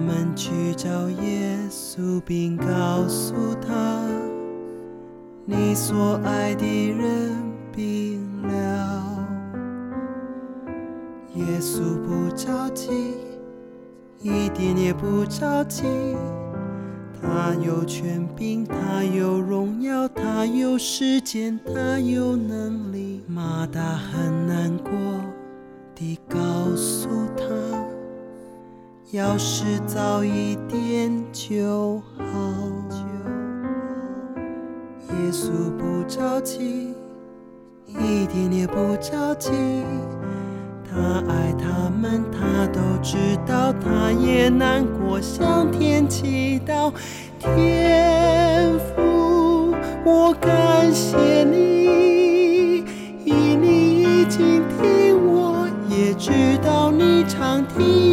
他們去找耶穌，並告訴他，你所愛的人病了。耶穌不着急，一點也不着急。他有權柄，他有榮耀，他有時間，他有能力。馬大很難過地告訴他。要是早一點就好就好。耶穌不着急，一點也不着急。他愛他們，他都知道，他也難過，向天祈禱。天父，我感謝你，因你已經聽我，也知道你常聽。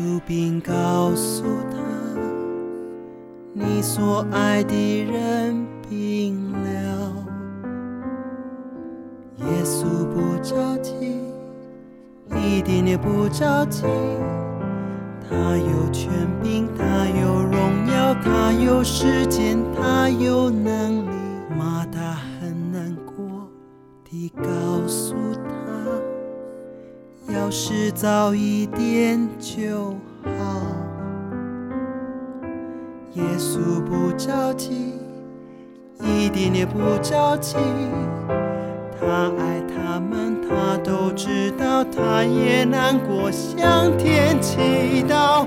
穌並告訴他，你所愛的人病了。耶穌不着急，一點也不着急。他有權柄，他有榮耀，他有時間，他有能力。要是早一點就好。耶穌不着急，一點也不着急。他愛他們，他都知道，他也難過，向天祈禱。